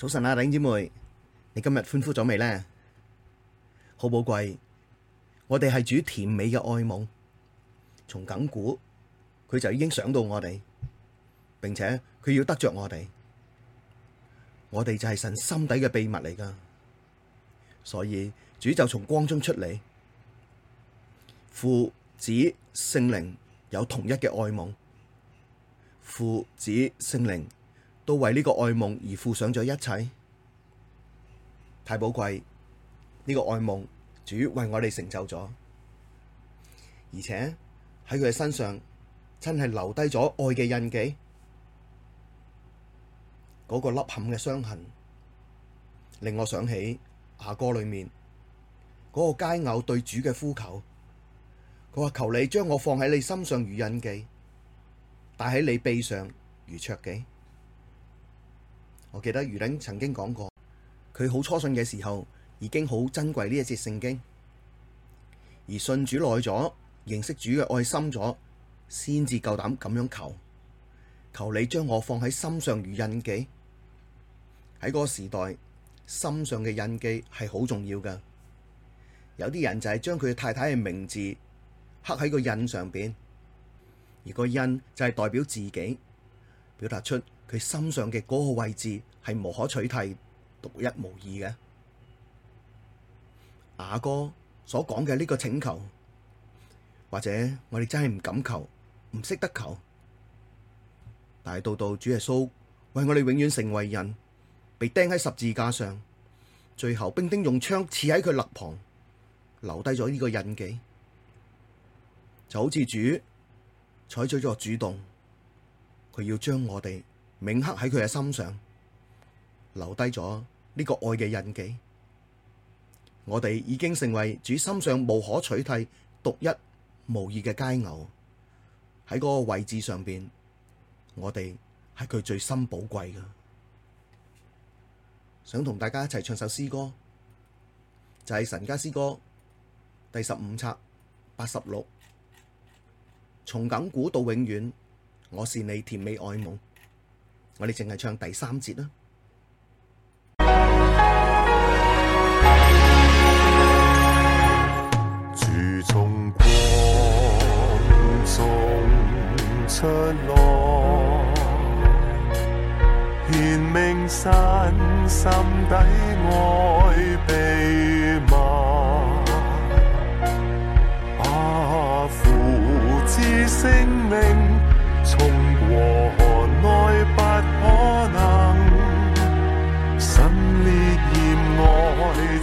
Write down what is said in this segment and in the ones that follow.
早晨啊，頂姐妹，你今日歡呼咗未呢？好寶貴，我哋係主甜美嘅愛夢，從亙古佢就已經想到我哋，並且佢要得着我哋，我哋就係神心底嘅秘密嚟㗎，所以主就從光中出嚟，父子聖靈有同一嘅愛夢，父子聖靈，都為呢個愛夢而付上咗一切，太寶貴。呢個愛夢主為我哋成就咗，而且喺佢嘅身上真係留低咗愛嘅印記，嗰個凹陷嘅傷痕令我想起雅歌裏面嗰個佳偶對主嘅呼求，佢話，求你將我放喺你心上如印記，帶喺你臂上如戳記。我記得余玲曾經講過，佢好初信嘅時候已經好珍貴呢一節聖經，而信主耐咗，認識主嘅愛心咗，先至夠膽咁樣求，求你將我放喺心上如印記。喺嗰個時代，心上嘅印記係好重要㗎。有啲人就係將佢太太嘅名字刻喺個印上面，而個印就係代表自己，表達出。佢身上嘅嗰個位置係無可取替，獨一無二嘅。雅歌所講嘅呢個請求，或者我哋真係唔敢求，唔識得求，但係到到主耶穌，為我哋永遠成為人，被釘喺十字架上，最後兵丁用槍刺喺佢肋旁，留低咗呢個印記，就好似主採取咗主動，佢要將我哋。銘刻喺佢嘅心上，留低咗呢個愛嘅印記。我哋已經成為主心上無可取替、獨一無二嘅佳偶喺嗰個位置上邊，我哋係佢最深寶貴噶。想同大家一齊唱首詩歌，就係、是《神家詩歌》第十五冊八十六，從亙古到永遠，我是你甜美愛夢。我哋淨係唱第三節啦。主從光中出來，顯明神心底愛。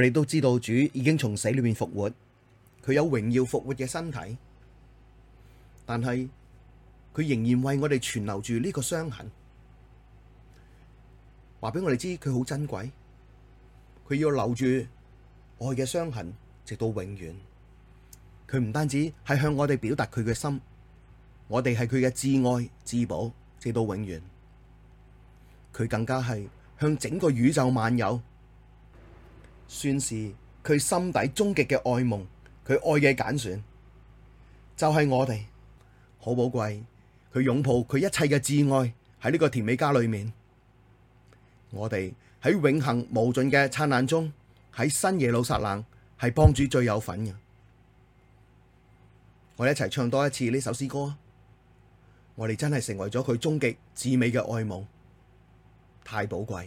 我哋都知道主已經從死裏面復活，佢有榮耀復活嘅身體，但係佢仍然為我哋存留住呢個傷痕，話俾我哋知佢好珍貴，佢要留住愛嘅傷痕直到永遠。佢唔單止係向我哋表達佢嘅心，我哋係佢嘅至愛至寶直到永遠。佢更加係向整個宇宙萬有。算是佢心底終極嘅愛夢，佢愛嘅揀選就係我哋，好寶貴。佢擁抱佢一切嘅至愛喺呢個甜美家裏面，我哋喺永恒無盡嘅燦爛中，喺新耶路撒冷係幫主最有份嘅。我哋一齊唱多一次呢首詩歌啊！我哋真係成為咗佢終極至美嘅愛夢，太寶貴。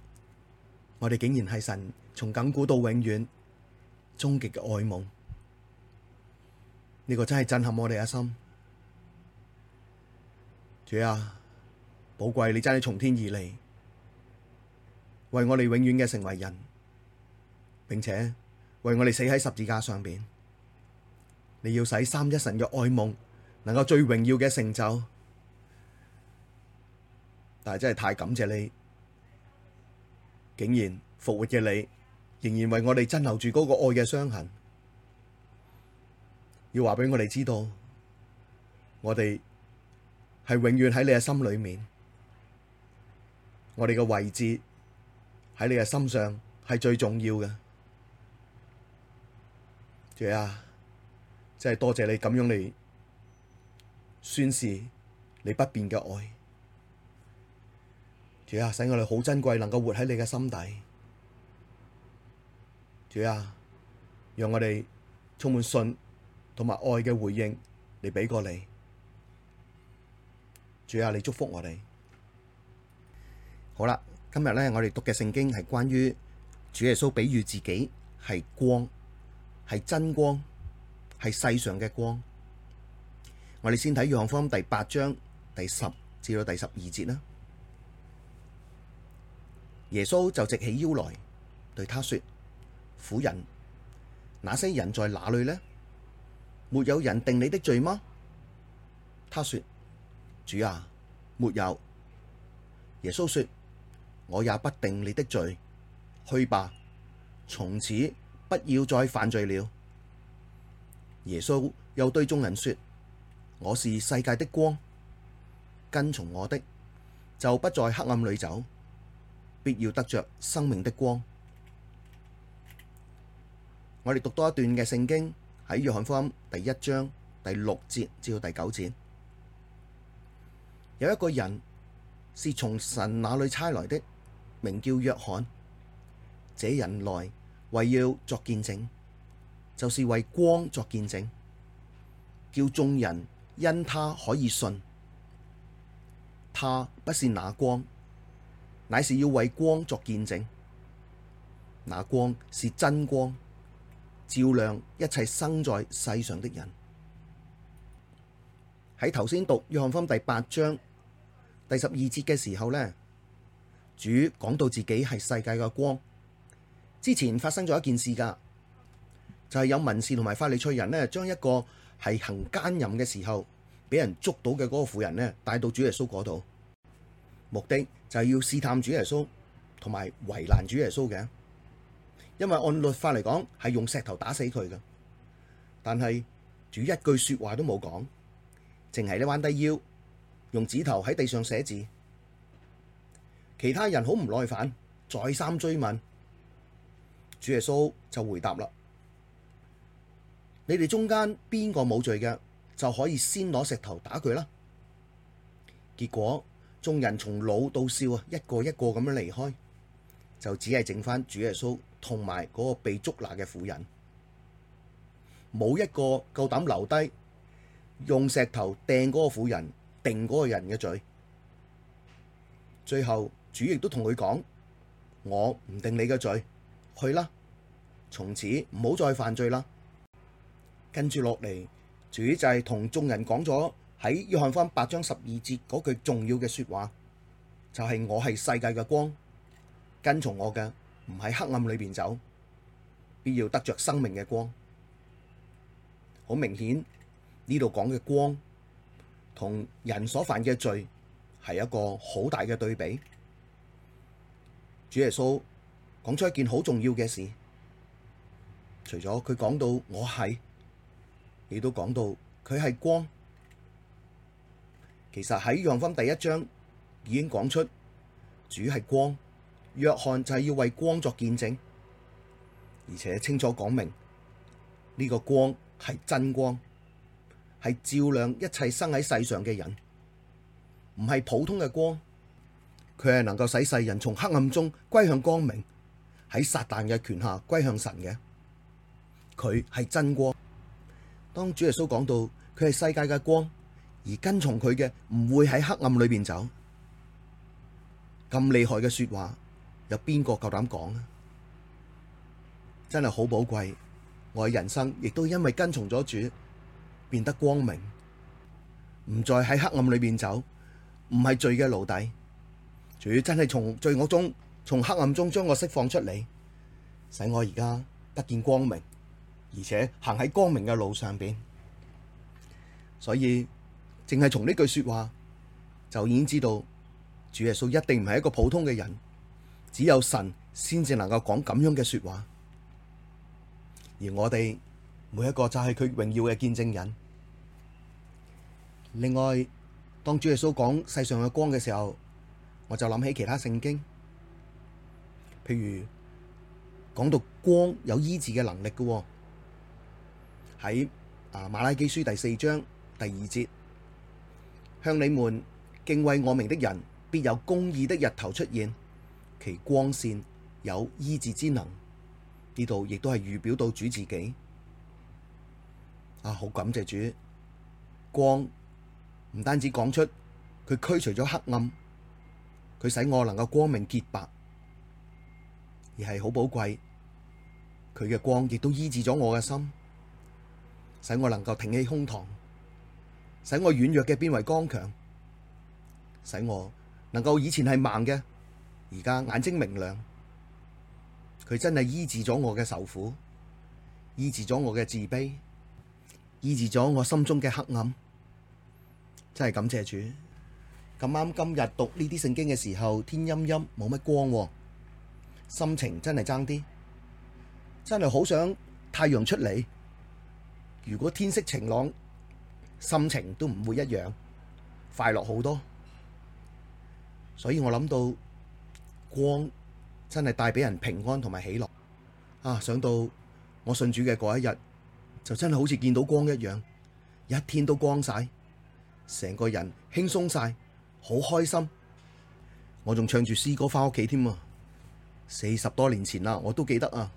我哋竟然係神從亙古到永遠終極嘅愛夢，呢、這個真係震撼我哋嘅心。主啊，寶貴你真係從天而嚟，為我哋永遠嘅成為人，並且為我哋死喺十字架上邊。你要使三一神嘅愛夢能夠最榮耀嘅成就，但係真係太感謝你。竟然復活嘅你，仍然為我哋珍留住嗰個愛嘅傷痕，要話俾我哋知道，我哋係永遠喺你嘅心裏面，我哋嘅位置喺你嘅心上係最重要嘅。主啊，真係多謝你咁樣嚟宣示你不變嘅愛。主啊，使我哋好珍貴，能夠活喺你嘅心底。主啊，讓我哋充滿信同埋愛嘅回應嚟俾過你。主啊，你祝福我哋。好啦，今日呢我哋讀嘅聖經係關於主耶穌比喻自己係光，係真光，係世上嘅光。我哋先睇約翰福音第八章第十至到第十二節啦。耶穌就直起腰來，對他說：苦人，那些人在哪裡呢？沒有人定你的罪嗎？他說：主啊，沒有。耶穌說：我也不定你的罪，去吧，從此不要再犯罪了。耶穌又對眾人說：我是世界的光，跟從我的，就不在黑暗裡走。必要得着生命的光。我哋讀多一段嘅聖經喺約翰福音第一章第六節至到第九節，有一個人是從神那裡差來的，名叫約翰。這人來，為要作見證，就是為光作見證，叫眾人因他可以信，他不是那光。乃是要為光作見證，那光是真光，照亮一切生在世上的人。喺頭先讀約翰福音第八章第十二節嘅時候咧，主講到自己係世界嘅光。之前發生咗一件事噶，就係、是、有文士同埋法利賽人咧，將一個係行奸淫嘅時候俾人捉到嘅嗰個婦人咧，帶到主耶穌嗰度。目的就係要試探主耶穌，同埋為難主耶穌嘅，因為按律法嚟講係用石頭打死佢嘅，但係主一句說話都冇講，淨係你彎低腰，用指頭喺地上寫字。其他人好唔耐煩，再三追問，主耶穌就回答啦：你哋中間邊個冇罪嘅，就可以先攞石頭打佢啦。結果。眾人從老到少啊，一個一個咁樣離開，就只係剩翻主耶穌同埋嗰個被捉拿嘅婦人，冇一個夠膽留低用石頭掟嗰個婦人，定嗰個人嘅罪。最後主亦都同佢講：我唔定你嘅罪，去啦！從此唔好再犯罪啦。跟住落嚟，主就係同眾人講咗。喺約翰福音八章十二節嗰句重要嘅說話，就係我係世界嘅光，跟從我嘅唔喺黑暗裏邊走，必要得着生命嘅光。好明顯呢度講嘅光，同人所犯嘅罪係一個好大嘅對比。主耶穌講出一件好重要嘅事，除咗佢講到我係，亦都講到佢係光。其實喺《約翰》第一章已經講出，主係光，約翰就係要為光作見證，而且清楚講明呢個光係真光，係照亮一切生喺世上嘅人，唔係普通嘅光，佢係能夠使世人從黑暗中歸向光明，喺撒旦嘅權下歸向神嘅，佢係真光。當主耶穌講到佢係世界嘅光，而跟從佢嘅，唔會喺黑暗裏邊走，咁厲害嘅說話有邊個夠膽講啊？真係好寶貴，我嘅人生亦都因為跟從咗主，變得光明，唔再喺黑暗裏邊走，唔係罪嘅奴隸。主真係從罪惡中、從黑暗中將我釋放出嚟，使我而家得見光明，而且行喺光明嘅路上邊。所以。淨係從呢句說話就已經知道，主耶穌一定唔係一個普通嘅人，只有神先至能夠講咁樣嘅說話。而我哋每一個就係佢榮耀嘅見證人。另外，當主耶穌講世上嘅光嘅時候，我就諗起其他聖經，譬如講到光有醫治嘅能力嘅喎，哦，喺啊瑪拉基書第四章第二節。向你們敬畏我名的人，必有公義的日頭出現，其光線有醫治之能。呢度亦都係預表到主自己。啊，好感謝主，光唔單止講出佢驅除咗黑暗，佢使我能夠光明潔白，而係好寶貴。佢嘅光亦都醫治咗我嘅心，使我能夠挺起胸膛。使我軟弱嘅變為剛強，使我能夠以前係盲嘅，而家眼睛明亮。佢真係醫治咗我嘅愁苦，醫治咗我嘅自卑，醫治咗我心中嘅黑暗。真係感謝主！咁啱今日讀呢啲聖經嘅時候，天陰陰冇乜光，啊，心情真係爭啲，真係好想太陽出嚟。如果天色晴朗，心情都唔會一樣，快樂好多。所以我諗到光真係帶俾人平安同埋喜樂。啊，想到我信主嘅嗰一日，就真係好似見到光一樣，一天都光晒，成個人輕鬆晒，好開心。我仲唱住詩歌翻屋企添啊！四十多年前啦，我都記得啊。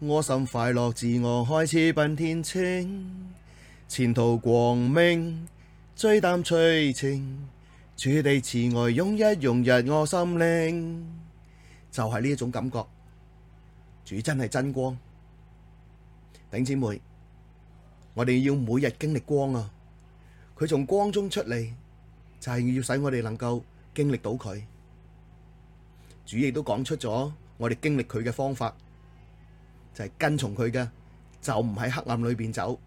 我心快樂，自我開始奔天青。前途光明，追淡隨情，主地慈愛擁一擁入我心靈，就係呢一種感覺。主真係真光，頂姊妹，我哋要每日經歷光啊！佢從光中出嚟，就係要使我哋能夠經歷到佢。主亦都講出咗我哋經歷佢嘅方法，就係跟從佢嘅，就唔喺黑暗裏邊走。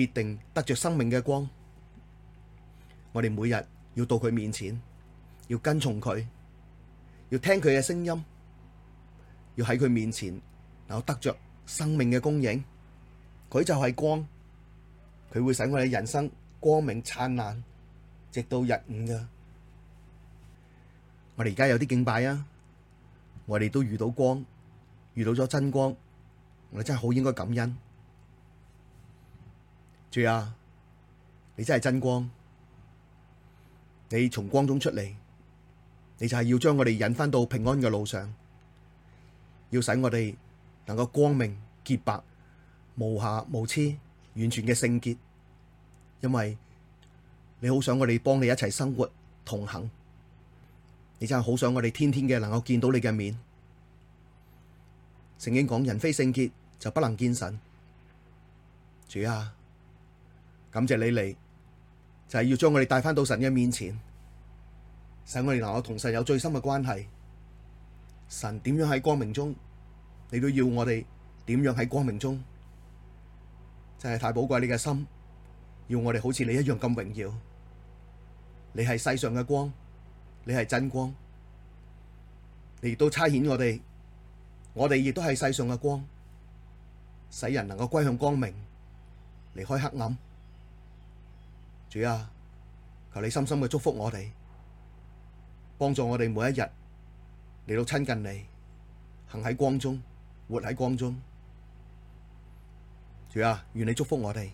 必定得着生命嘅光，我哋每日要到佢面前，要跟從佢，要聽佢嘅聲音，要喺佢面前然後得着生命嘅供應，佢就係光，佢會使我哋人生光明燦爛，直到日午㗎。我哋而家有啲敬拜啊，我哋都遇到光，遇到咗真光，我哋真係好應該感恩。主啊！你真係真光，你從光中出嚟，你就係要將我哋引返到平安嘅路上，要使我哋能夠光明潔白、無瑕無疵、完全嘅聖潔。因為你好想我哋幫你一齊生活同行，你真係好想我哋天天嘅能夠見到你嘅面。聖經講，人非聖潔就不能見神。主啊！感謝你嚟，就係要將我哋帶翻到神嘅面前，使我哋能夠同神有最深嘅關係。神點樣喺光明中，你都要我哋點樣喺光明中。真係太寶貴你嘅心，要我哋好似你一樣咁榮耀。你係世上嘅光，你係真光，你亦都差遣我哋，我哋亦都係世上嘅光，使人能夠歸向光明，離開黑暗。主啊，求你深深嘅祝福我哋，幫助我哋每一日嚟到親近你，行喺光中，活喺光中。主啊，願你祝福我哋。